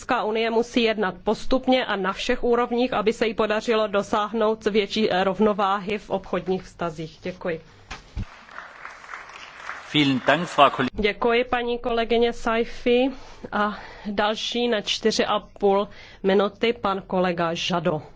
Evropská unie musí jednat postupně a na všech úrovních, aby se jí podařilo dosáhnout větší eh, rovnováhy v obchodních vztazích. Děkuji. Děkuji paní kolegyně Saifi a další na čtyři a půl minuty pan kolega Žado.